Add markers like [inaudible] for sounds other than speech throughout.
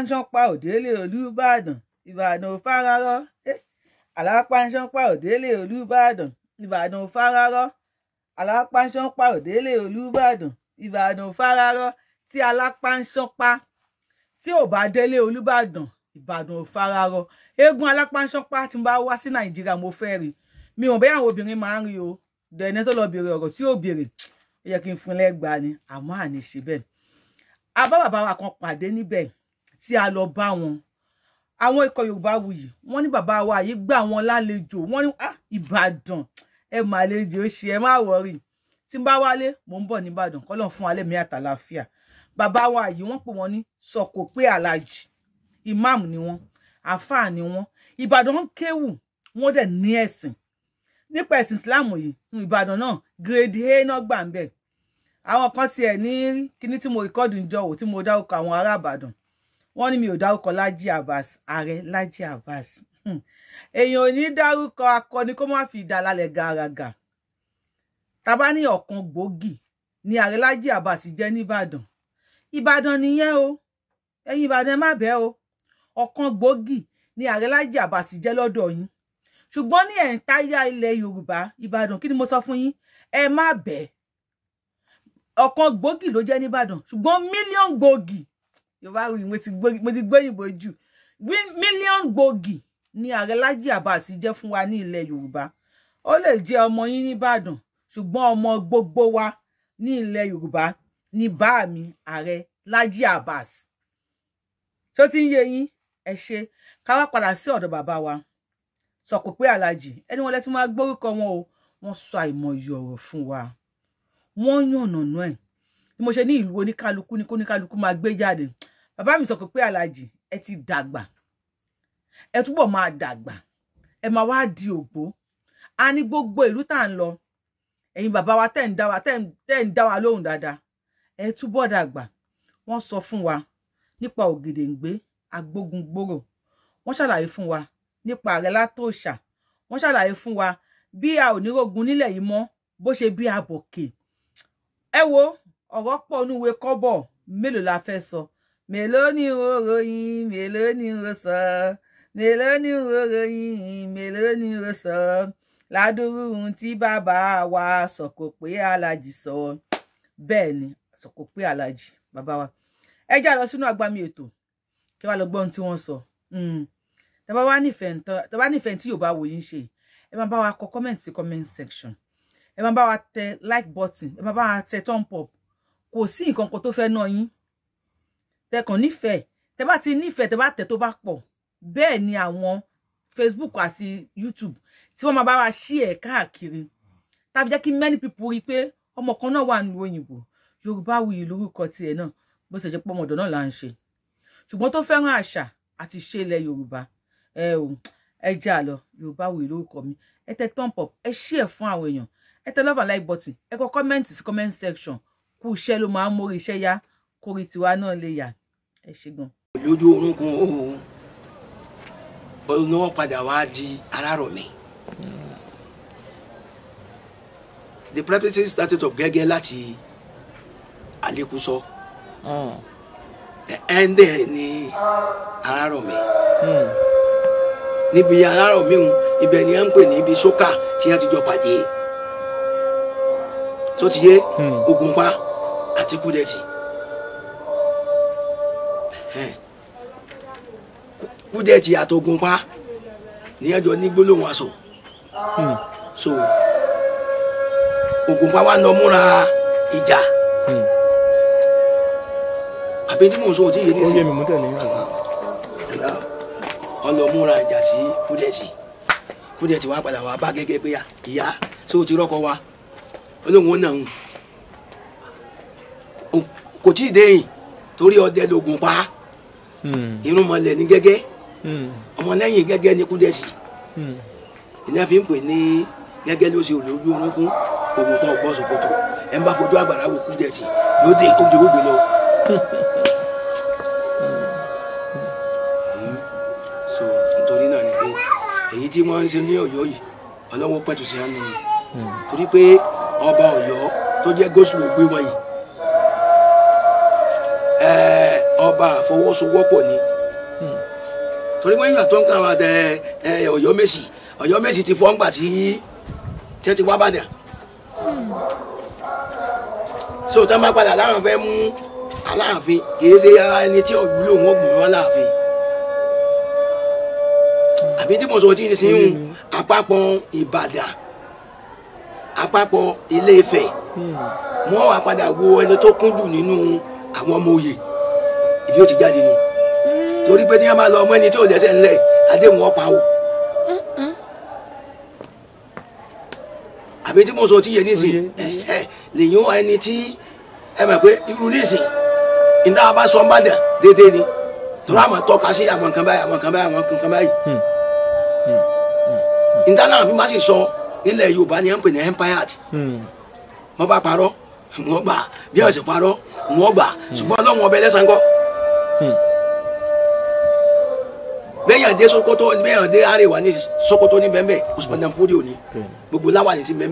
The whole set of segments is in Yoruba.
pàǹṣánpá òdélé olùbàdàn ìbàdàn òfárárọ àlàpàǹṣánpá òdélé olùbàdàn ìbàdàn òfárárọ àlàpàǹṣánpá òdélé olùbàdàn ìbàdàn òfárárọ tí alápàǹṣánpá tí ò bá délé olùbàdàn ìbàdàn òfárárọ eégún alápàǹṣánpá tí mo bá wá sí nàìjíríà mo fẹ́ rí mi ò bẹ́ẹ̀ àwọn obìnrin máa ń rí o dẹ̀ẹ́nẹ́ tó lọ bèrè ọ̀rọ̀ tí ò bèrè ó yẹ kí n fún lẹ́gbàá ni àmọ́ àní ṣe bẹ́ẹ̀ abá bàbá wa kan pàdé níbẹ̀ Ti a lọ bá wọn àwọn ikọ̀ yorùbá wuyì wọ́n ní bàbá wa yìí gbà wọ́n lálejò wọ́n ní ah, ìbàdàn ẹ mà lejò ṣe ẹ má wọrí tí n bá wálé mò ń bọ̀ nìbàdàn kọ́lọ̀ fún alẹ́ mi àtàlàáfíà bàbá wa yìí wọ́n pè wọ́n ní sọ̀kò pé aláàjì imam ni wọ́n àfáà ni wọ́n ìbàdàn ń kéwù wọ́n dẹ̀ ní ẹ̀sìn nípa ẹ̀sìn islam yìí ìbàdàn náà gírèdì a náà gbà ń bẹ̀ àwọn kan tiẹ̀ ní kíní tí mo rìkọ́dù ń jọ wò tí mo dárúkọ àwọn ará ìbàdàn wọ́n ní mi ò dárúkọ Lájí Abbas ààrẹ Lájí Abbas hmm. èèyàn ò ní dárúkọ akọni kó má fi ìdálálẹ̀ gàràgà tàbá ní ọ̀kan gbòógì ni ààrẹ Lájí Abbas jẹ́ nìbàdàn ìbàdàn nìyẹn o ẹ̀yin ìbàdàn ẹ má bẹ́ o ọ̀kan gbòógì ni ààrẹ Lájí Abbas jẹ́ lọ́dọ̀ yín ṣùgbọ́n ní ẹ̀ńtáyà ilẹ̀ yorùbá ìbàdàn kí ni mo sọ fún yín ẹ má bẹ́ ọ̀kan gbòógì ló jẹ́ nìbàdàn ṣùgbọ́n mílíọ̀n gbòógì yorùbá mo ti gbóyìnbó jù mílíọ̀n gbòógì ni ààrẹ Lájí Abbas jẹ́ fún wa ní ilẹ̀ yorùbá ó lè jẹ́ ọmọ yín nìbàdàn ṣùgbọ́n ọmọ gbogbo wa ní ilẹ̀ yorùbá ni bá mi ààrẹ Lájí Abbas tó ti ń yé yín ẹ ṣe ká wá padà sí ọ̀dọ̀ bàbá wa sọ̀kò pé alájì ẹni wọn lẹ́tí máa gbórúkọ wọn o wọ́n sọ àìmọye ọ̀rọ̀ fún wa wọ́n yànnàná ẹ̀ ni mo ṣe ní ìlú oníkálukú ní kóníkálukú máa gbé jáde bàbá mi sọ pé aláàjì ẹ ti dàgbà ẹ túbọ̀ máa dàgbà ẹ máa wá di ògbó a ní gbogbo ìlú tá à ń lọ ẹ̀yin bàbá wa tẹ́ ń dá wa tẹ́ ń dá wa lóhùn dáadáa ẹ túbọ̀ dàgbà wọ́n sọ fún wa nípa ògèdèǹgbé agbógungbòrò wọ́n ṣàlàyé fún wa nípa ààrẹ látòòṣà wọ́n ṣàlàyé fún wa bí a ò ní nílẹ̀ yìí mọ́ bó ṣe bí abòkè ẹ wo ọ̀rọ̀ pọ̀ onúwe kọ́bọ̀ mélòó la fẹ́ sọ so mélòó ni n ó ròyìn mélòó ni n ó sọ mélòó ni n ó ròyìn ni n ó sọ ládùúrú wa sọ̀kò pé alájì sọ bẹ́ẹ̀ ni sọ̀kò pé alájì bàbá wa ẹ já lọ sínú agbami ètò kí wàá lọ gbọ́ ohun tí wọ́n sọ hmm. tọ́ba wá nífẹ̀ẹ́ tí yorùbá wò yín ṣe ẹ máa bá wa kọ comment sí comment section ẹ máa bá wa tẹ like button ẹ máa bá wa tẹ thumb up kò sí nǹkan kan tó fẹ́ ná yín tẹkàn nífẹ̀ẹ́ tẹ bá ti nífẹ̀ẹ́ tẹ bá tẹ̀ tó bá pọ̀ bẹ́ẹ̀ ni àwọn Facebook àti YouTube tí wọ́n máa bá wa ṣí ẹ̀ káàkiri tàbí jẹ́ kí many people rí i pé ọmọ kan náà wà ní òyìnbó Yorùbáwuyì lórúkọ tiẹ̀ náà bó ṣe jẹ́ pé ọmọ ọ̀dọ́ náà là ń ṣe ṣùgbọ́n tó fẹ́ràn àṣà àti ìṣe ilẹ̀ Yorùbá ẹ o ẹ jẹ́ àlọ́ Yorùbáwuyì lórúkọ mi ẹ tẹ thumb up ẹ ṣí ẹ̀ fún àwọn èèyàn ẹ tẹ love and like button ẹ kọ kọ́mẹ́ǹtì sí comment section kú iṣẹ́ ló máa ń mórí iṣẹ́ yá kórìí tiwa náà lè yà ẹ ṣe gan. lójú orúnkún òun ni wọ́n padà wá di alárọ̀mí. the practices started of gẹ́gẹ́ láti alekuso oh. ẹ̀ẹ́dẹ̀ ni alárọ̀mí. Mm. níbi alárọ̀mí òun ibẹ̀ ni ẹ̀ ń pè ní ibi sókà tí wọ́n ti jọ pàdé tó ti yé hmm. Ògùnpa àti Kúdẹ̀tì. kúdẹ̀tì àtògùnpá nìyẹn jọ ní gbólóhùn aṣọ hmm. so ògùnpá wa lọ múra ìjà hmm. àbí tí mò ń sọ òtí yé nísìnyí. ó yẹ mi mú tẹ̀lé yín àgbà. wọ́n lọ múra ìjà sí kúdẹ̀tì kúdẹ̀tì wa padà wá bá gẹ́gẹ́ pé ìyá tí ó ti rọ́kọ wa olóhùn ó ń kò tí ì déyìn torí ọdẹ lògùn pa hmm. irun mọlẹ ní gẹ́gẹ́ Hmm. ọmọlẹ́yìn gẹ́gẹ́ ní kúndẹ́sì ìyá hmm. fi ń pè ní gẹ́gẹ́ ló ṣe olójú orúnkún òun tó gbọ́ ṣòkòtò ẹ̀ ń bá fojú àgbàrá wò kúndẹ́sì yóò dé ojú ògbè lọ. Hmm. so nítorí náà ni pé èyí tí wọ́n ń ṣe ní ọ̀yọ́ yìí ọlọ́wọ́ pẹ̀tù sí àná ni torí pé ọba ọ̀yọ́ tó jẹ́ gosùlù gbé wọ̀nyí ọba àfọwọ́sowọ́pọ̀ ni torí wọ́n yìnbọn tó ń kan Ọ̀yọ́ Mèsì Ọ̀yọ́ Mèsì ti fọ́ ńgbà tí tẹ́ ti wá bàdàn so tán bá padà láwọn fẹ́ mú Aláàfin kì í ṣe ara ẹni tí ọ̀gbìn lòun ọ̀gbìn wọn láàfin àbí tí mo sọ tí ń sin ń àpapọ̀ Ìbàdàn àpapọ̀ Ilé-Ifẹ̀ wọ́n wá padà wo ẹni tó kúndùn nínú àwọn ọmọ òye ìbí ó ti jáde nù torí pé tí wọ́n máa lọ ọmọ ẹni tí ò lẹ́sẹ̀ ńlẹ̀ àdéhùn ọ̀pá o. àbí tí mo sọ ti yẹ nísìn lèyìn ẹni tí ẹ mọ̀ pé irú nísìn ìdáhùn bá sọ ń bàdàn déédéé ni torí àmọ́ tọ́ka sí àwọn nǹkan báyìí àwọn nǹkan báyìí àwọn nǹkan báyìí. ìdáná hmm. hmm. hmm. àfi má sì sọ nílẹ̀ Yorùbá ni ẹ̀ ń pè ní empired mo bá parọ́ wọ́n gbà bí ọ̀sẹ̀ parọ́ wọ́n gbà ṣùgbọ́n ọlọ́run ọbẹ̀ lẹ́sàn-án kọ́ bẹ́yàn dé Sokoto bẹ́yàn dé Arewa ní Sokoto ní bẹ́ẹ̀ Usman hmm. Dan Fodio ní gbogbo láwàní sí bẹ́ẹ̀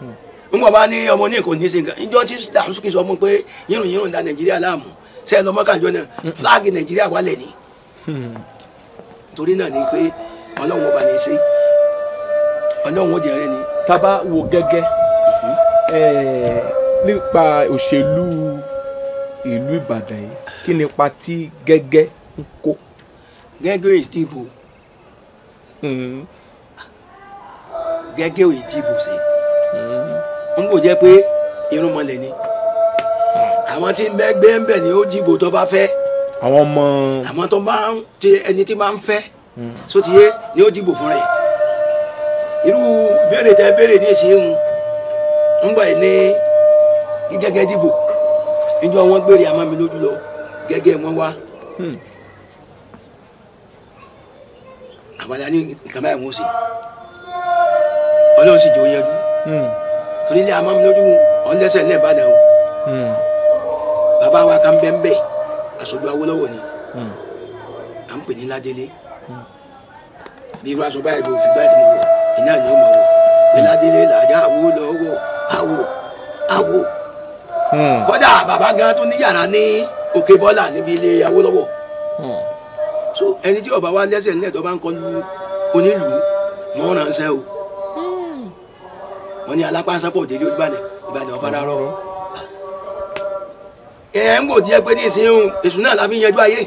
hmm. nígbà bá ní ọmọ oníkò ní sí nǹkan ìjọ tí Dàmsókè sọ fún pé yírùn yírùn da Nàìjíríà láàmú sẹ́yìn lọ́mọ kàjọ náà hmm. fúláàgì Nàìjíríà wà lẹ̀ ní. torí náà ni pé Ọlọ́run ọba ní í Ọlọ́run ó jẹrẹ ni. tábà wo gẹ́gẹ́ mhm. nípa òṣèlú ìlú Ìbàdàn yìí kí nípa tí gẹ́gẹ́ ń kó gẹ́gẹ́ ìdìbò hmm. gẹ́gẹ́ ìdìbò ṣe hmm. n kò jẹ́ pé irun mọ́lẹ̀ ni àwọn tí ń bẹ gbé ń bẹ ni ó dìbò tó bá fẹ́ àwọn ọmọ àwọn tó bá ń ṣe ẹni tí máa ń fẹ́ hmm. sotiye ni ó dìbò fún rẹ̀ irú béèrè tẹ béèrè ní èsì ń ń gbà ní gẹ́gẹ́ dìbò níjọ́ wọn gbére àmọ́ mi lójú lọ gẹ́gẹ́ wọn wá. àbálẹ ní nǹkan báyìí wọn ò ṣe Ọlọ́run sì jẹ òun yanjú torí ilé amámilójú ọlẹsẹ ilé Ìbàdàn o hmm. bàbá wa kan bẹ́ẹ̀ bẹ́ẹ̀ aṣojú Awólọ́wọ̀ ni hmm. à ń pè ní Ládélé hmm. bí irú aṣọ báyìí ló fi báyìí tó mọ wọ iná ni ó mọ wọ pé Ládélé làjà Awólọ́wọ̀ awo awo kódà bàbá gan tó ní yàrá ní Òkè Bọ́là níbi ilé Awólọ́wọ̀. so ẹni tí ọba wa lẹ́sẹ̀ nílẹ̀ tó bá n kọlu onílù mọ́ ránṣẹ́ o wọ́n ní alápá sápọ̀ délé ìbàdàn ọ̀fadà rọ. ẹ ń gbò díẹ̀ pé ní ìsìn èṣù náà la fi yanjú ayé.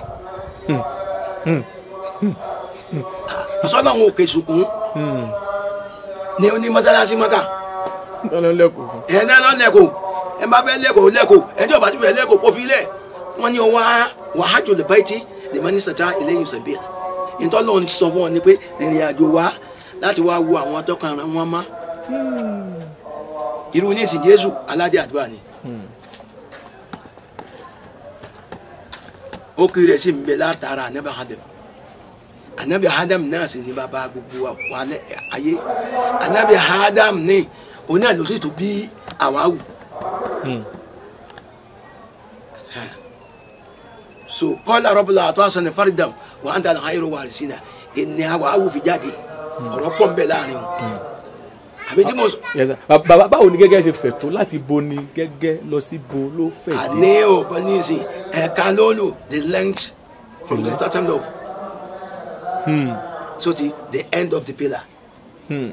àsọ́nà òkè ni ó ní mọ́sálásí mọ́kà. ẹ náà lọ lẹ́kọ̀ọ́ ẹ má fẹ́ lẹ́kọ̀ọ́ lẹ́kọ̀ọ́ fẹ́ lẹ́kọ̀ọ́ wọ́n ní lèmọ́ni sọ̀tà eléyìí sọ̀bíà ìtọ́lọ́ ń sọ fún ọ ni pé ìrìn àjò wa láti wá wo àwọn atọ́kàn ara wọn mọ́ irú ní ìsìn Jésù aládé àdúrà ni ó kiri rẹ̀ sì ń bẹ látara ànábì Adam ànábì Adam náà sì ní bàbá gbogbo wa ayé ànábì Adam ní oní àlòsí tó bí àwa wù. Hmm. so kọ́lá rọ́bìlà àtọ́ àṣọ ní fáridàn wà á ń tà ní ayélu wà ní sinna ìní àwọn awùfi jáde ọ̀rọ̀ pọ̀ ń bẹ láàrin o. àbí tí mo sọ. bàbá báwo ni gẹ́gẹ́ ṣe fẹ̀ tó láti bo ni gẹ́gẹ́ lọ sí bo ló fẹ̀ dé. àní ò bọ́ ní ìsìn ẹ̀ka ló lò the length from the starting of hmm. so ti the end of the pillar. Hmm.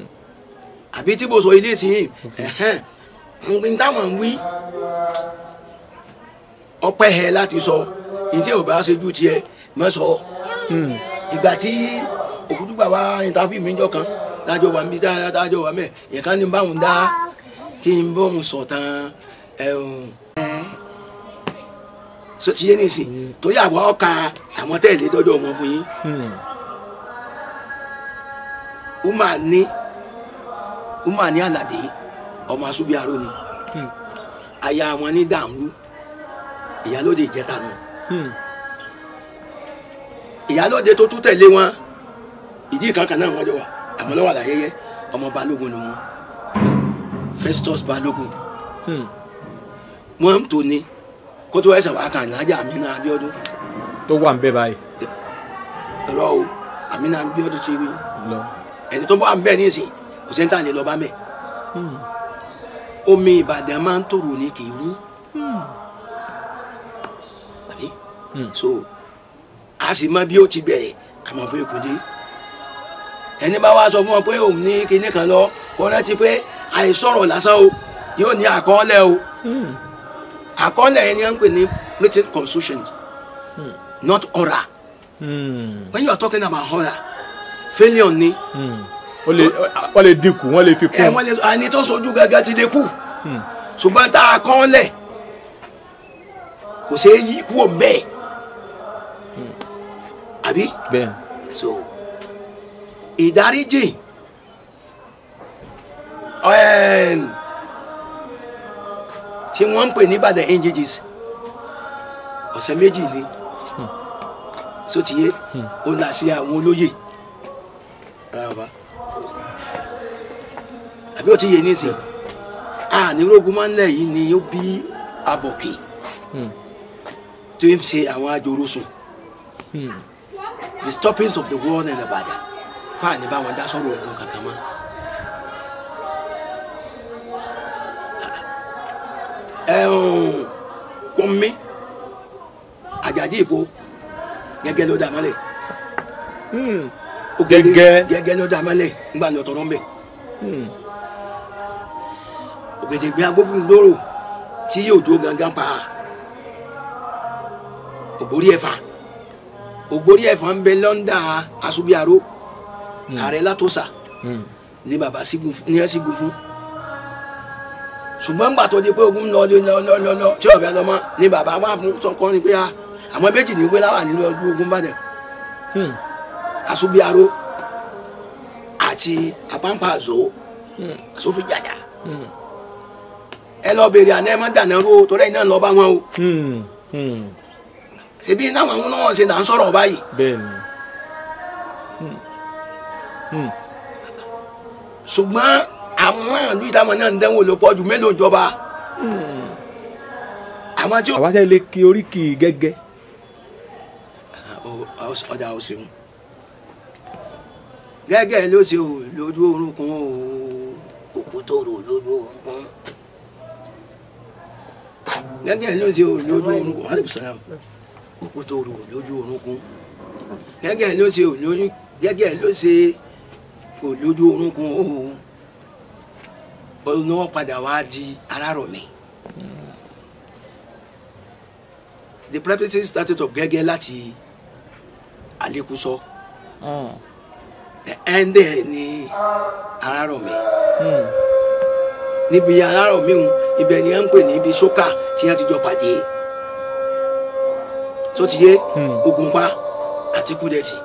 àbí tí mo sọ ilé ìsìn yìí n táwọn ń wí ọpẹ́ hẹ láti sọ. So, ǹjẹ́ ò bá ṣojú tiẹ̀ mọ́ sọ hmm. ìgbà tí òkútùgbà wa ìtàfíì mi jọ kan tájọ wà mí tájọ wà mẹ́ yẹn ká báwọn dá kí n bọ́ òun sọ̀tàn ẹ̀hún ti yé nìsín torí àwa ọ̀ka àwọn tẹ̀lé dọ́jọ́ wọn fún yín hmm. uma ní uma ní àlàdé ọmọ asúbíàró ni hmm. aya wọn ní dàrú ìyálóde ìjẹta nù. No. Hmm. ìyálóde tó tún tẹ̀lé wọn ìdí kankan náà wọ́n wà àmọ́ náà wà ọmọ balógun ni wọn Festus balógun hmm. wọn tó ní kó tó ẹsẹ̀ wà kàn Amina Abíọ́dún. tó wà ń bẹ báyìí. ọ̀rọ̀ o Amina ti rí ẹni tó ń bọ́ à ń bẹ̀ nísìn kò sẹ́ńtà lè lọ bá mẹ́. Hmm. omi Hmm. so a sì mọ bí ó ti bẹ̀rẹ̀ àmọ́ fún ìkúndé ẹni bá wá sọ fún wọn pé òun ní kinní kan lọ kọ́ rántí pé àìsọ̀rọ̀ lásán o yóò ní àkọọ́lẹ̀ o hmm. àkọọ́lẹ̀ yẹn ni wọ́n ń pè ní written constitution hmm. not oral when you are talking about oral failure ni. wọ́n lè dínkù wọ́n lè fi kún. ẹ wọ́n lè àní tó sojú gángan ti lè kú ṣùgbọ́n tá a kọ́ lẹ̀ kò ṣeé yí kúrò mẹ́ẹ̀ àbí. bẹ́ẹ̀ so ìdáríjì tí wọ́n ń pè ní Ìbàdàn NGGs ọ̀sẹ̀ méjì ni hmm. sotiye ó hmm. là sí àwọn olóyè àbí ó ti yé nísìn ànírógun máa ń lẹ̀ yìí ni ó bí abọ̀kì hmm. tó ń ṣe àwọn ajorosùn. Hmm the stoppings of the war ní ìbàdàn kọ́ àní bá wọn dá sọ́rọ̀ ogun kankan mọ́. Kúnmi Àjàdí Ìgbò gẹ́gẹ́ ló dá mọ́lẹ̀. Hmm. gẹ́gẹ́ gẹ́gẹ́ ló dá mọ́lẹ̀ nígbà ní ọ̀tọ̀ rọ́mbẹ̀. Ògèdègbè hmm. agbófin lóró tí yóò dúró gangan pa ògbórí ẹ̀fà. E ògbórí ẹ̀fọn ń bẹ lọ́ndà asubiaro hmm. ààrẹ látòsà hmm. ni bàbá ní ẹ sígun fún ṣùgbọ́n gbà tó di pé ogun lọ lọ lọ tí ọ̀bẹ lọ mọ́ ni bàbá wà fún sọkọ́ ni pé ah, àwọn méjì ní wé láwà nínú ọdún ogun bàdàn hmm. asubiaro àti apáǹpàzó àsófin jàjà ẹ lọ bèrè àná ẹ má dànà ro torí ẹ náà lọ bá wọn o ṣebí táwọn àwọn náà ṣe là ń sọ̀rọ̀ báyìí. bẹ́ẹ̀ni hmm. Hmm. ṣùgbọ́n àwọn àlù ìtàwọn náà ń dẹ́wọ̀n ló pọ̀ ju mélòó ìjọba. Hmm. àwọn tí ó. àwa ṣe lè ki oríkì gẹ́gẹ́. ọjà ò ṣeun gẹ́gẹ́ ló ṣe ò lójú orúnkún o òkú tó lójú orúnkún gẹ́gẹ́ ló ṣe ò lójú orúnkún òkú tó rò lójú orúnkún gẹ́gẹ́ ló ṣe òlóyún gẹ́gẹ́ ló ṣe kò lójú orúnkún òun òun padà wá di arárọ̀ mi. the practices started of gẹ́gẹ́ láti alekuso hmm. ẹ̀ẹ́dẹ̀ ni arárọ̀ mi. Mm níbi yàrá ọ̀míhun ibẹ̀ ni à ń pè ní ibi sókà tí wọ́n ti jọ pàdé tó ti yé Ògùnpa hmm. àti Kúdẹ̀tì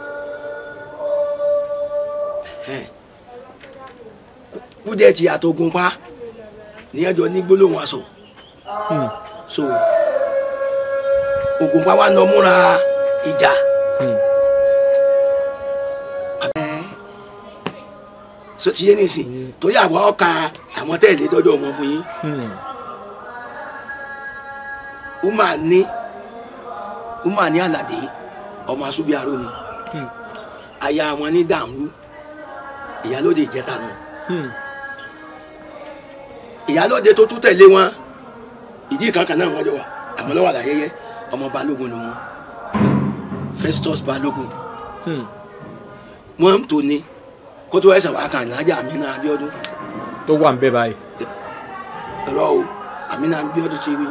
Kúdẹ̀tì àti Ògùnpa nìyẹn jọ ní gbólóhùn aṣọ hmm. so Ògùnpa wa nà múra ìjà. so hmm. ti yé nìsín torí àwa ọkà àwọn tẹ̀lé dọ́jọ́ ọmọ fún yín. ó máa ní umar ní aládé ọmọ asúbí aró ni hmm. aya wọn ní dàmú ìyálóde ìjẹta nù hmm. ìyálóde tó tún tẹ̀lé wọn ìdí kankan náà wọn jọ wà àmọ́ lọ́wọ́ àlàyéyé ọmọ balógun ni wọn festus balógun hmm. wọn tó ní kó tó ẹsẹ̀ wàá kàn lájà amina abiodun. tó wà ń bẹ báyìí. ẹ̀rọ o amina abiodun ti wí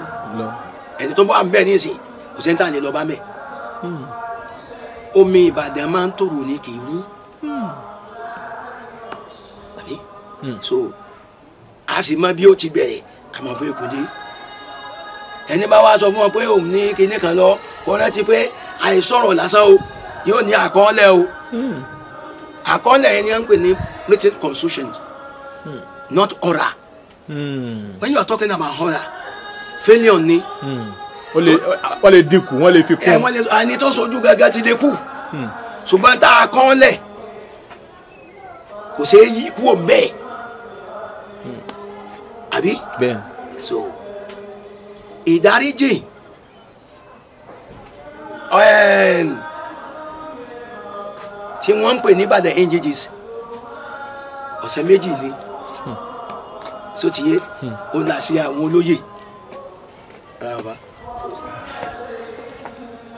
ẹni tó bá ń bẹ ní ìsìn kò sẹ́ni tá à lè lọ bá mẹ́ omi ìbàdàn máa ń tòrò ní kì í rú àbí hmm. so a sì mọ bí ó ti bẹ̀rẹ̀ àmọ́ fún ìkúndé ẹni bá wá sọ fún ọ pé òun ní kinní kan lọ kò rántí pé àìsọ̀rọ̀ lásán o yóò ní àkọọ́lẹ̀ o hmm. àkọọ́lẹ̀ yẹn ni wọ́n ń pè ní written constitution hmm. not horror. when you are talking about horror, failure ni. Mm wọ́n lè dínkù wọ́n lè fi kún. ẹ eh, wọ́n lè ẹni tó sojú gẹ́gẹ́ ti dínkù hmm. ṣùgbọ́n tá a kàn lẹ̀ kò ṣeé yí kú ò mẹ́ẹ̀ hmm. àbí. bẹ́ẹ̀ so ìdáríjì tí wọ́n ń pè ní Ìbàdàn NGGs ọ̀sẹ̀ méjì ni sotiye hmm. ó là sí àwọn olóyè. Brava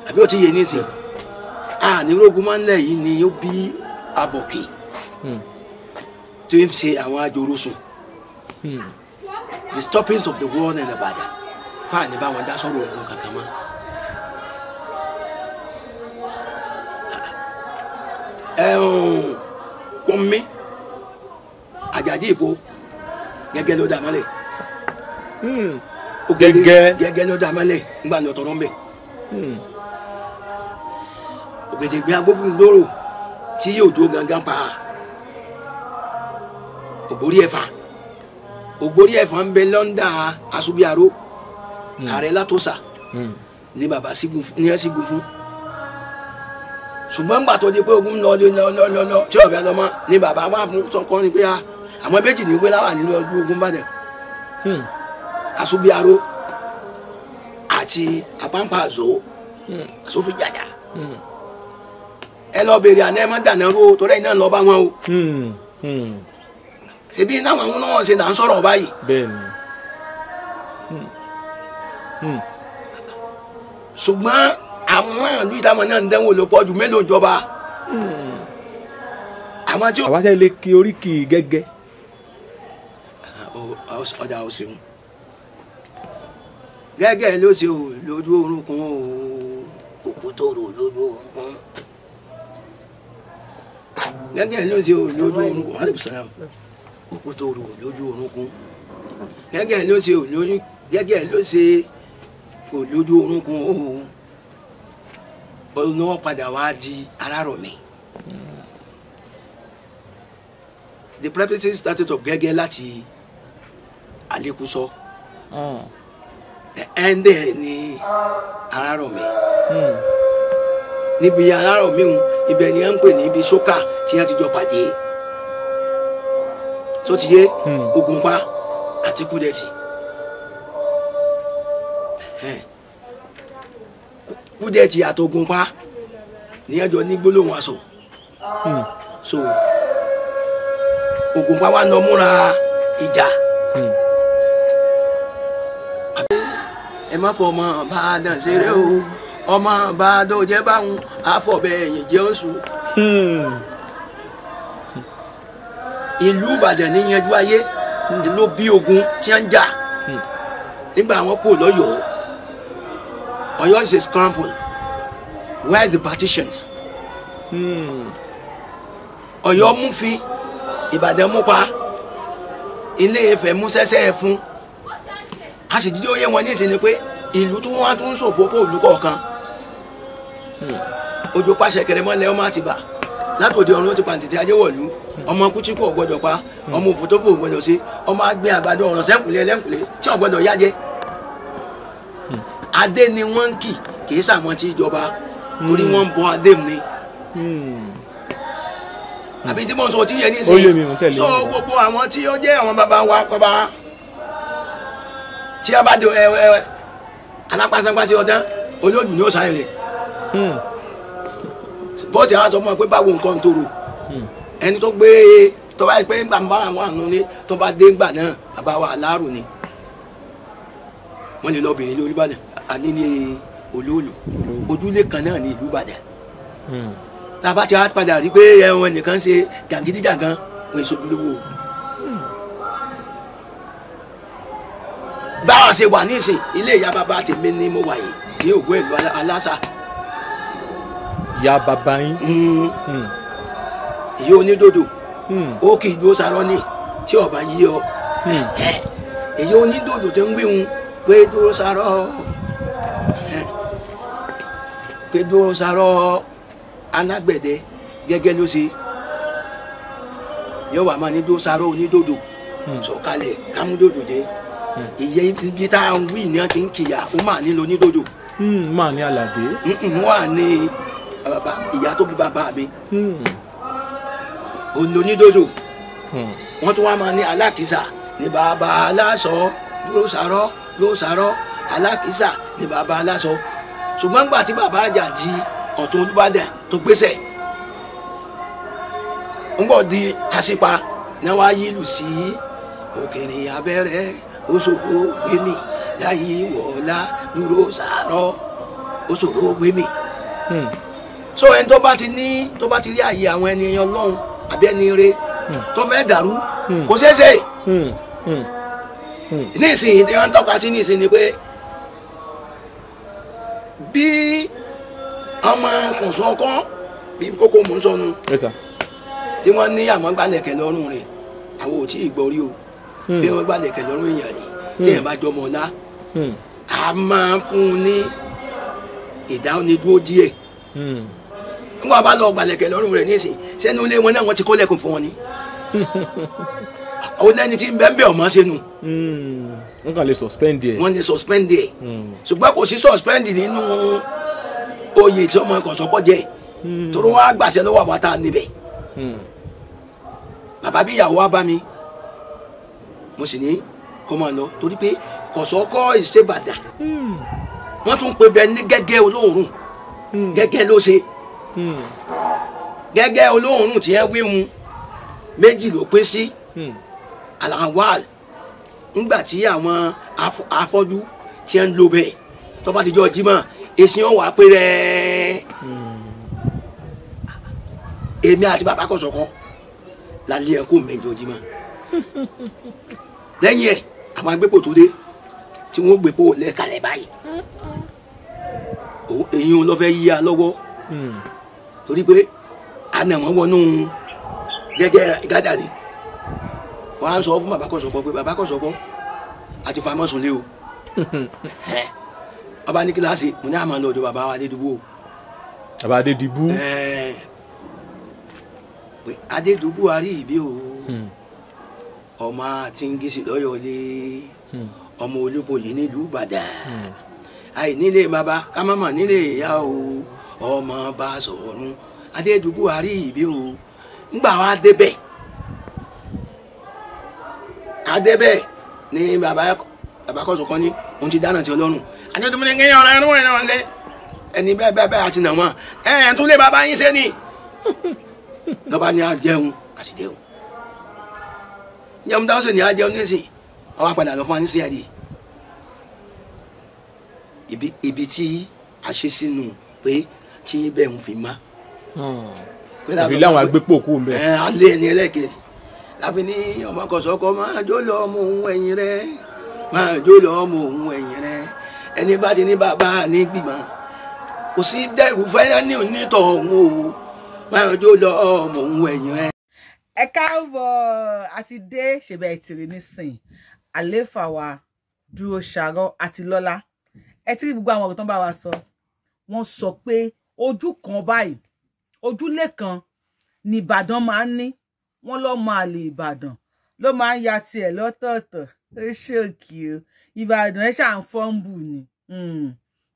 àbí ó ti yé nísìn a ní rogun máa ń lẹ̀ yìí ni ó bí abọ̀kì hmm. tó ń ṣe àwọn ajoro sùn hmm. the stoppings of the world and Ìbàdàn fáà ní báwọn dá sọ̀rọ̀ ogun kankan mọ́. ẹ̀hún kọ́mí àjàdí ìbò gẹ́gẹ́ ló dà mọ́lẹ̀. Hmm. gẹ́gẹ́ gẹ́gẹ́ ló dà mọ́lẹ̀ ńgbà ní ọ̀tọ̀ rọ́ńbẹ́ ògèdègbè agbófinlóró tí yóò jó gangan pa ògbórí ẹ̀fà ògbórí ẹ̀fà ń bẹ lọ́ndà asubiaro hmm. ààrẹ látòsà hmm. ni bàbá ní ẹ sígun fún ṣùgbọ́n gbàtọ́ di pé ogun lọ lọ́lọ́lọ́ tí ọ̀bẹ lọ́mọ ni bàbá máa fún sọ́kọ́ ni pé a ah, àwọn méjì ní wé láwà nínú ọdún ogun bàdẹ hmm. asubiaro àti apampa àzó àsófin jàjà. Mm. ẹ lọ béèrè àná ẹ má dànà o torí ẹ náà lọ bá wọn o. Hmm, hmm. ṣèbí náà ṣe là ń sọ̀rọ̀ báyìí. Hmm, ṣùgbọ́n àwọn ìtàwọn náà ń dẹ́wọ̀n àwọn ṣe lè kí oríkì gẹ́gẹ́. ọjà ò ṣeun gẹ́gẹ́ ló ṣe lójú orúnkún òkú tó rò lójú gẹ́gẹ́ ní oṣù olójú orúnkún wọ́n lè sọ̀rọ̀ òkú tó lójú orúnkún gẹ́gẹ́ ní oṣù olójú gẹ́gẹ́ ló ṣe kò lójú orúnkún òun padà wá di alárọ̀mí. the practices started of gẹ́gẹ́ láti alekuso hmm. ẹ̀ẹ́ndẹ̀ ni alárọ̀mí. Mm níbi alárò míhun ibẹ̀ ni wọ́n ń pè ní ibi sókà tí wọ́n ti jọ pàdé tó ti yé hmm. Ògùnpa àti Kúdẹ̀tì Kúdẹ̀tì àti Ògùnpa ni wọ́n ní gbólóhùn aṣọ hmm. so Ògùnpa wa nọ múra ìjà. Hmm. ẹ má fọmọ bá a dàn ṣeré o ọmọ bàdó jẹ́ báwọn afọ̀bẹ̀yìn jẹ́ oṣù. Hmm. ìlú ìbàdàn ní ayé hmm. ló bí ogun tí ń jà hmm. nígbà wọn kò lọ́yọ̀ọ́ Ọ̀yọ́ is a scramble where is the partitions. Ọ̀yọ́ mú fi Ìbàdàn mú pa ilé Ifẹ̀ mú sẹ́sẹ́ fún a sì dídí ó yé wọn ní ìsinmi pé ìlú tí wọ́n tún ń ṣòfófó ìlú kọ̀ọ̀kan òjò hmm. pàṣẹ kẹrẹmọ́lẹ̀ ọmọ àtìbà látòdì ọ̀run ti pàǹtẹ̀tẹ̀ ajẹ́wọ̀lú ọmọ kúchíkù ọ̀gbọ́dọ̀ pa ọmọ òfòtófò ọ̀gbọ́dọ̀ sí ọmọ agbẹ́ àgbàdo ọ̀ràn sẹ́ǹkùlé ẹlẹ́ǹkùlé tí ọ̀gbọ́dọ̀ yájẹ́ adé ni wọ́n ń kì kì í sàmọ́ tí ìjọba torí hmm. wọ́n ń bọ adé mi hmm. àbí tí mo sọ tí yẹ ní sí sọ gbogbo àwọn tí ó jẹ́ àwọn bàbá wa bàbá tí a bá do ẹ ẹ alápásápásí ọdán olóògùn ni ó sáré Hmm. bọ́ọ̀tì àwọn àtọmọ pé báwo nǹkan tó rò hmm. ẹni tó gbé tọ́ba yìí pé ńgbà bá àwọn àánú ní tọ́ba dé ńgbà náà bàbá wa aláàrò ni wọ́n lè lọ obìnrin ní Olúbàdàn àní ní olóòlù hmm. ojúlé kan náà ní ìlú Ìbàdàn tá a bá ti wá padà rí pé ẹwọn nìkan ṣe jàǹgídíjàgan wọn èso dúró báwa ṣe wà nísìn ilé ìyá bàbá tèmi ni mo wà yìí ní ògùn ìlú aláṣà ìyá bàbá yín. ìyá hmm. hmm. onídòdò hmm. ó kì í dúró sarọ́ ní tí ọba yí ọ ìyá onídòdò tó ń gbéhùn pé dúró sarọ́ pé dúró sarọ́ alágbẹ̀dẹ gẹ́gẹ́ ló ṣe yóò wà máa ní dúró sarọ́ onídòdò sọ̀kalẹ̀ kámúdòdò dé ìyẹ ibi tá à ń wí ni wọ́n ti ń kìyà ó máa nílò onídòdò. máa ní aládé. wọ́n á ní bàbá ìyá tó bí bàbá mi hmm. òǹdó onídòdò hmm. wọ́n tún wá máa ní alákìísà ní bàbá aláṣọ dúró sàárọ̀ dúró sàárọ̀ alákìísà ní bàbá aláṣọ ṣùgbọ́n nígbà tí bàbá Àjàdí ọ̀tún Olúbàdàn tó gbéṣẹ̀ ńgbọ̀ di àṣìpa ni wọ́n á yí ìlú sí òkèrè abẹ́rẹ́ oṣòro gbémi láyé wọ̀ọ́lá dúró sàárọ̀ oṣòro gbémi. Hmm so ẹni tó bá ti ní tó bá ti rí àyè àwọn ẹni ẹyàn lọ́hùn àbí ẹni rẹ hmm. tó fẹ́ dàrú hmm. kò ṣeé ṣe hmm. ní ìsìn tí wọ́n ń tọ́ka sí ní ìsìn ni pé bí ọmọ kùnsán kan bí kókó mò ń sọnu tí wọ́n ní àmọ́ gbálẹ̀kẹ̀ lọ́rùn rẹ̀ àwọn ò tí ì gbọ́ rí o bí wọ́n gbálẹ̀kẹ̀ lọ́rùn èèyàn rẹ̀ tí èèyàn bá jọmọ ọ̀la a máa fún un ní ìdánidúró díẹ̀ n wà bá lọ gbàlẹ̀kẹ̀ lọ́rùn rẹ̀ nísìn sẹ́nu ilé wọn náà wọ́n ti kó lẹ́kùn fún wọn ni. ó lẹ́ni tí ń bẹ́ ń bẹ́ ọ̀mọ́ sẹ́nu. wọ́n kàn lè suspend ẹ̀. wọ́n lè suspend ẹ̀. Hmm. ṣùgbọ́n kò sí suspend nínú oyè tí ọmọ kọ̀sọ́kọ́ jẹ́ hmm. torí wọ́n á gbàṣẹ lọ́wọ́ àwọn tá a hmm. bàbá bí ìyàwó wa bá mi mo sì ní kó máa lọ torí pé kọ̀sọ́kọ́ ìṣèbàdà wọ́n tún pe bẹ́ẹ̀ ní gẹ́gẹ́ olóòórùn gẹ́gẹ́ ló ṣe. Mm Hmm. gẹ́gẹ́ olóòórùn tí ẹ wíhun méjì ló pín sí hmm. alawal ńgbà tí àwọn afọ́jú tí ń lo bẹ́ẹ̀ tó bá ti jọ jímọ̀ èsì wọn wà pé rẹ̀ hmm. èmi àti bàbá kọ̀ sọ̀kan lálẹ́ ẹ̀ kó mẹ́jọ jímọ̀ lẹ́yìn ẹ̀ àwọn agbépo tó dé tí wọ́n gbépo lẹ́ẹ̀kalẹ̀ báyìí èyí wọn lọ fẹ́ yí a lọ́wọ́ torí pé ànàmọ́ wọnú gẹ́gẹ́ gádàrí wọ́n á sọ fún bàbá Kòsọ́kọ́ pé bàbá Kòsọ́kọ́ àti famọ́sùn lé o [laughs] ọba ní kíláàsì mo ní àmọ́ ọ̀dọ̀ bàbá Adédìbú o. bàbá Adédìbú. pé Adédìbú arí ìbí o hmm. ọmọ àtìngísì lọ́yọ̀ọ́lé hmm. ọmọ olúboyè nílùú Ìbàdàn hmm. àìnílé bàbá ká má mà nílé ìyá o. Hmm ọmọ bá sọ̀rọ̀ adédùn buhari ìbí o ńgbà wọn adébẹ̀ adébẹ̀ ni bàbá abakọ̀sọ̀ kan ní òun ti dáná ti ọlọ́run adédùn mi ní kéèyàn ọ̀rọ̀ ẹnu ẹ̀rọ ńlẹ̀ ẹni bẹ́ẹ̀ bẹ́ẹ̀ bẹ́ẹ̀ àti nàwọn ẹ̀ ẹ̀ tún lè bàbá yín sẹ́ni [laughs] lọ́ba ni a jẹun àti jẹun jẹun dáhùn sí ni a jẹun nísìnyí ọwọ́ apàdà lọ fún wa ní cid ibi tí a ṣe sínú pé tí bẹ́ẹ̀ ń fi má. àfi hmm. láwọn agbépòkú ń bẹ. alẹ́ ẹni ẹlẹ́kẹ̀ẹ́ láfi ní ọmọkọ̀sọ́kọ́ máa jó lọ ọmọ òun ẹ̀yìn rẹ máa jó lọ ọmọ òun ẹ̀yìn rẹ ẹni bá ti ní bàbá ní gbìmọ̀ kò sí dẹ́rù fẹ́rẹ́ ní onítọ̀ òun o máa jó lọ ọmọ òun ẹ̀yìn rẹ. ẹ káàbọ̀ àti dé ṣèbẹ̀ ìtìrì nísìn àléfà dúró ṣàárọ̀ àti lọ́lá ẹ ti rí gbogbo àwọn ọ̀rọ̀ tó ń bá wa sọ wọ́n sọ pé ojú kan báyìí ojúlé kan ní Ìbàdàn máa ń ní wọn lọ máa lè Ìbàdàn ló máa ń ya tiẹ̀ lọ́tọ̀ọ̀tọ̀ ó ṣèkì o Ìbàdàn ẹ ṣáà ń fọ́ǹbù ni hmm.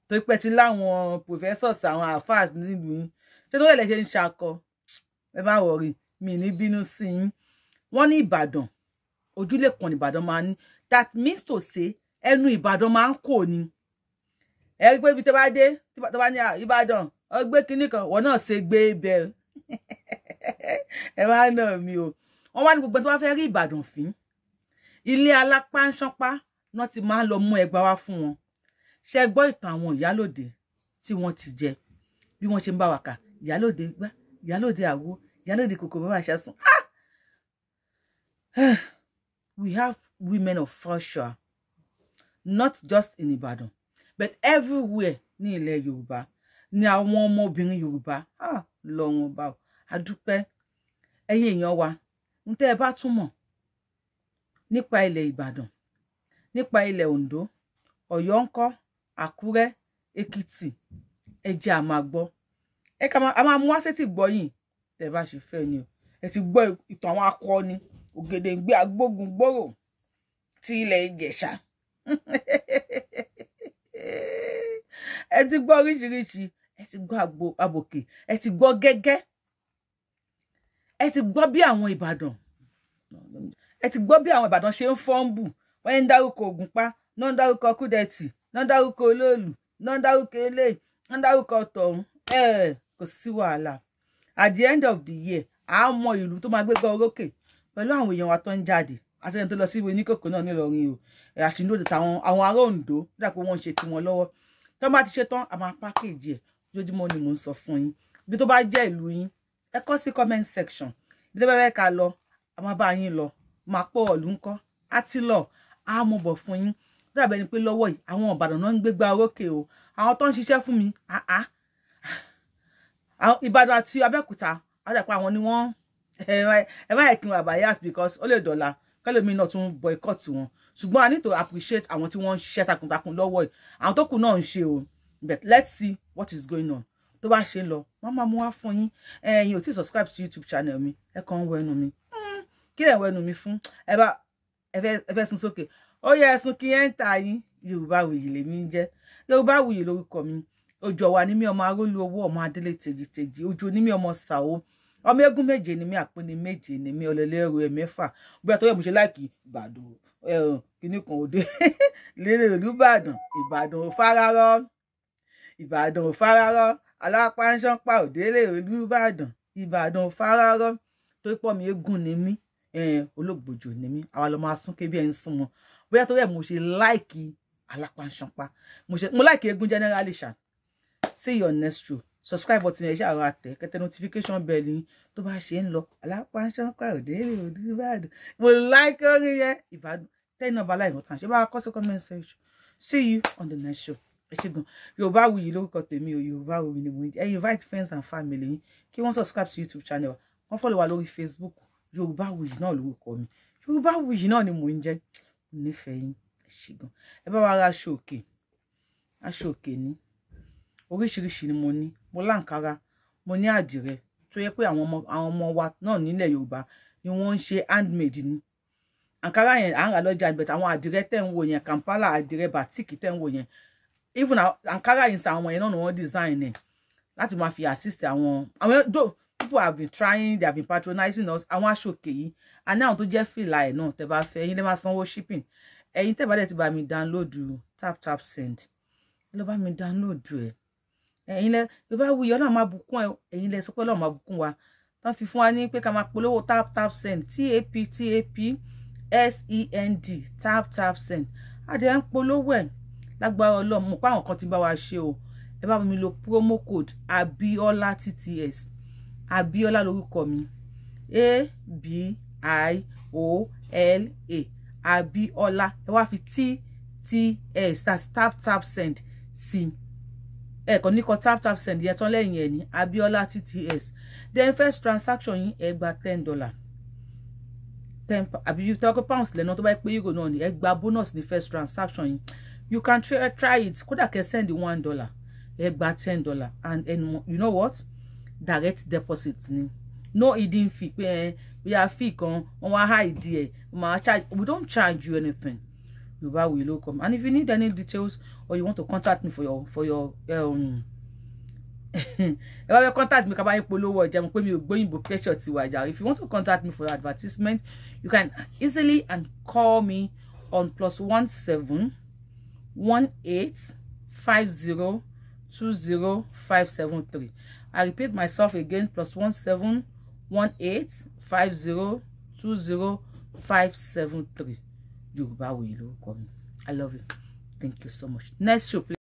tó pẹ́ ti láwọn professors àwọn àfáàs nílùú yín ṣé tó lè ṣe ń ṣakọ ẹ má wọrí mi ní bínú sí yín wọ́n ní Ìbàdàn ojúlé kan ní Ìbàdàn máa ń ní that means to say ẹnu Ìbàdàn máa ń kò ní ẹ rí pé ibi tó bá dé tó bá ní Ìbàdàn ọgbẹ kinní kan wọn náà ṣe gbé ibẹ̀ ẹ máa nà mí o wọn wá ní gbogbo tí wọn fẹ́ẹ́ rí Ìbàdàn fín ilé alápánṣánpá náà ti máa ń lọ mú ẹgbàá wá fún wọn ṣe gbọ́ ìtàn àwọn ìyálòde tí wọ́n ti jẹ bí wọ́n ṣe ń bá wa kà ìyálòde gbá ìyálòde àwo ìyálòde kòkò bá wa ah! [sighs] we have women of culture not just in Ibadan but everywhere ní ilẹ̀ Yorùbá ni àwọn ọmọbìnrin yorùbá ah, lọ́rùn ọba o adúpẹ́ ẹ̀yin èèyàn wa ń tẹ́ ẹ bá tún mọ̀ nípa ilẹ̀ ìbàdàn nípa ilẹ̀ ondo ọ̀yọ́ ńkọ́ àkúrẹ́ èkìtì ẹ jẹ́ a máa gbọ́ ẹ ká máa máa mú wá sétí gbọ́ yìí tẹ́ ẹ bá ṣe fẹ́ ni o ẹ ti gbọ́ ìtàn àwọn akọni ògèdèǹgbé agbógun gbòòrò ti ilẹ̀ ìjẹ̀ṣà [laughs] ẹ ti gbọ́ oríṣiríṣi ẹ ti gbọ́ àbòkè ẹ ti gbọ́ gẹ́gẹ́ ẹ ti gbọ́ bí àwọn ìbàdàn ẹ ti gbọ́ bí àwọn ìbàdàn ṣe ń fọ́ǹbù wọ́n ń dárúkọ ògùnpá náà ń dárúkọ kúdẹ̀tì náà ń dárúkọ olóòlù náà ń dárúkọ eléyìí náà ń dárúkọ tọ̀hún ẹ kò sí wàhálà at the end of the year a mọ ìlú tó máa gbégbá orókè pẹ̀lú àwọn èèyàn wa tó ń jáde àti ẹni tó lọ sí ìwé oníkòkò náà nílọrin o àṣìndòdò táwọn àwọn ará Oǹdó nígbà pé wọ́n ń lọ́wọ́ tó bá ti ṣe tán a máa pákéjì ẹ̀ lójúmọ́ ni mò ń fun. fún yín ibi tó bá jẹ́ ìlú yín ẹ kọ comment section ibi to bá fẹ́ ká lọ a máa bá yín lọ máa pọ̀ ọ̀lú ńkọ́ á ti lọ á mú bọ̀ fún yín dàbẹ̀ ni pé lọ́wọ́ yìí àwọn Ìbàdàn náà ń gbégbá orókè o àwọn tó ń ṣiṣẹ́ fún mi àá Ìbàdàn àti Abẹ́òkúta àdàpọ̀ àwọn ni wọ́n ẹ má yẹ kí n wà bias because ó lè dọ̀la kẹlòmíì náà tún boycott wọn ṣùgbọ́n I need to appreciate àwọn tí wọ́n ń ṣiṣẹ́ takuntakun lọ́wọ́ yìí àwọn tó kù náà ń ṣe o but let's see what is going on tó bá ṣe ń lọ wọn máa mú wá fún yín ẹ̀yin ò tí ì subscribe sí youtube channel mi ẹ kàn ń wẹnu mi hmm, kí lè wẹnu mi fún ẹ bá ẹ fẹ́ sun sókè ó yẹ ẹsùn kí ẹ ń ta yín Yorùbáwùyí lèmi ń jẹ́ Yorùbáwùyí lórúkọ mi òjò wà ní mi ọmọ arólú owó ọmọ adélé tèjìtèjì ojú ní mi ọmọ sàó ọmọ eégún méje ni mi àpínní méje ni mi ọlẹlẹrú ẹ mẹ́fà bí àtọyẹ mo ṣe láìkì Ìbàdàn ẹrùn kìnnìkan òde [laughs] lérè Olúbàdàn Ìbàdàn ò fararọ ìbàdàn ò fararọ alápáńsánpá òdélé olùbàdàn ìbàdàn ò fararọ torí pọ̀ mi eégún ni mí olóògbòjò ni mí àwa lọ máa sún kébí ẹ̀ ń sún wọn bóyá torí ẹ̀ mo ṣe láìkì alápáńsánpá mo láìkì eégún generally ṣá see you next show subscribe button yẹn ṣàrọ àtẹ kẹtẹ notification bell yín tó bá ṣe ń lọ alápáńsánpá òdélé olùbàdàn mo láìkì orin yẹn ìbàdàn tẹ́yìn náà bá láì wọ́n tàn ṣé bá a kọ́ sí comment section see you on the next show ẹ ṣe gan Yorùbáwùyí lórúkọ tèmi o Yorùbáwùyí ni mo ń jẹ ẹ invite friends and family yín kí wọ́n subscribe to YouTube channel wa wọ́n follow wa lórí Facebook Yorùbáwùyí náà lórúkọ mi Yorùbáwùyí náà ni mo ń jẹ nífẹ̀ẹ́ yín ẹ ṣe gan ẹ bá wa ra aṣọ òkè aṣọ òkè ní oríṣiríṣi ni mo ní mo láǹkárá mo ní àdìrẹ tó yẹ pé àwọn ọmọ àwọn ọmọ wa náà nílẹ̀ Yorùbá ni wọ́n ń ṣe handmade ni àǹkárá yẹn à ń rà lọ́jà ìbẹ̀tẹ̀ àwọn àdìrẹ tẹ̀ ń wò yẹn Kampala àdìrẹ bàtíkì tẹ̀ ń wò yẹn even ankara yìí sàn àwọn yẹn náà ni wọ́n design ẹ̀ láti máa fi assist àwọn àwọn do people have been trying they have been patronizing us àwọn aṣòkè yìí And now tó jẹ́ feel like no, tẹ́ bá fẹ́ ẹ̀yin lè máa sanwó shipping ẹ̀yin tẹ́ bá dẹ̀ ti bá mi download tap tap send ló bá mi download ẹ̀ ẹ̀yin lẹ ló bá wuyì ọlọ́run máa bùkún ẹ̀ ẹ̀yin lẹ sọ pé ọlọ́run máa bùkún wa tán fi fún wa ní pé ká máa polówó tap tap send T t a a p p s e n d tap tap send adé ń polówó ẹ̀ lágbára ọlọ́run mo pa kan ti bá wa ṣe o ẹ bá mi lo promo code abiola tts abiola lórúkọ mi a b i o l a abiola ẹ wá fi tts tap tap send sí ẹ kàn ní kọ tap tap send yẹn tán lẹ́yìn ẹ̀ ní abiola tts then first transaction yín ẹ gba ten dollar ten àbí tọ́kọ́ pounds lẹ́nu tó bá pé euro náà ni ẹ gba bonus ní first transaction yìí you can try, try it kódà kẹ́ send one dollar ẹ gba ten dollar and, and you know what direct deposit ni no hidden fee pé ẹ eh, bí a fee kan wọn wá hide ẹ máa charge we don't charge you anything yorùbá will no come and if you need any details or you want to contact me for your for your um, [laughs] ẹ bá fẹ́ contact me kaba yín polówó ọjà mo pé mi ò gbóyìnbó pressure ti wà jà if you want to contact me for your advertisement you can easily and call me on plus one seven one eight five zero two zero five seven three i repeat myself again plus one seven one eight five zero two zero five seven three yorùbá will come. i love you thank you so much next show please.